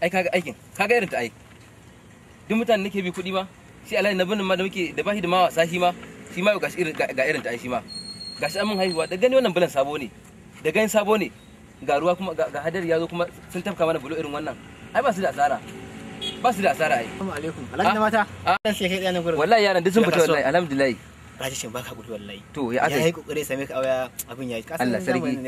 ai kaga aikin kaga irin ta ai duk mutane nake bi kuɗi ma shi alhaji na binin ma da muke da bashi da ma wasa ma shi ma ga irin ga irin ta ai shi ma gashi an mun haihuwa da gani wannan bulan sabo ne da gani sabo ne ga ruwa kuma ga hadari ya zo kuma sun tafka mana bulo irin wannan ai ba su da asara ba su da asara ai assalamu alaikum alhaji mata a dan sai kai ɗaya na gurin wallahi yaran duk sun fita wallahi alhamdulillah Rajishin baka wallahi. To ya aka yi kokari same ka awaya abin ya kasa Allah sarki.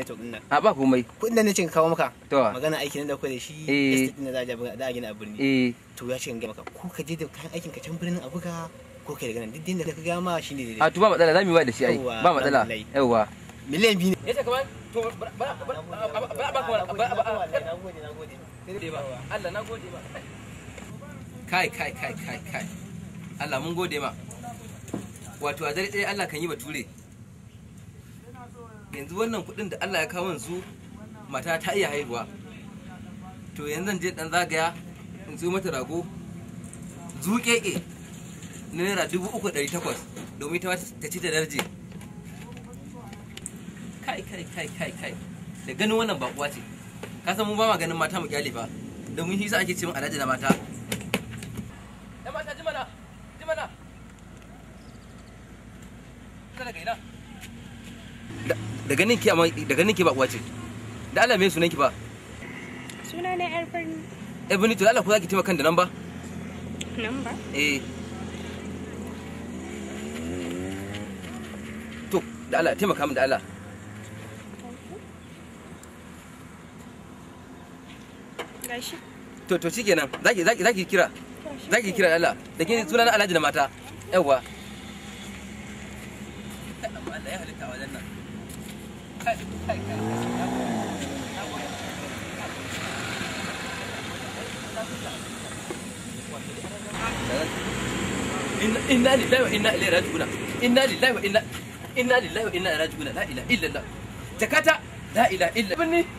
A ba komai. Kuɗin da nace kawo maka. To magana aiki da kai da shi estate din da za a gina a birni. Eh. To ya ce in ga maka ko ka je da kayan aikin ka can birnin Abuja ko kai daga nan duk da ka gama shi ne. A to ba matsala za yi da shi ai. Ba matsala. Yawwa. Miliyan biyu ne. Ya ce kamar to ba ba ba ba ba Allah na gode ba. Kai kai kai kai kai. Allah mun gode ma. wato a dare ɗaya Allah kan yi bature yanzu wannan kuɗin da Allah ya kawo wanzu mata ta iya haihuwa to yanzu je dan zagaya in zo mata rago zuƙeƙe na naira dubu uku ɗari takwas domin ta ta ci da darje kai kai kai kai kai da ganin wannan bakuwa ce ka san mun ba ma ganin mata mu kyale ba domin shi hisa ake cewa alaji alhaji na mata da mata jimana jimana daga ina daga amma daga ninki ba uwa ce da Allah me sunan ki ba suna ne yar birni to Allah ko zaki taimaka kan da nan ba nan ba eh to da Allah taimaka min da Allah gashi to to shikenan zaki zaki zaki kira zaki kira Allah da kin sunan Alhaji da mata yawa لا يهلك إنا لله وإنا إليه راجعون إنا لله وإنا إنا لله وإنا راجعون لا إله إلا الله تكاتا لا إله إلا بني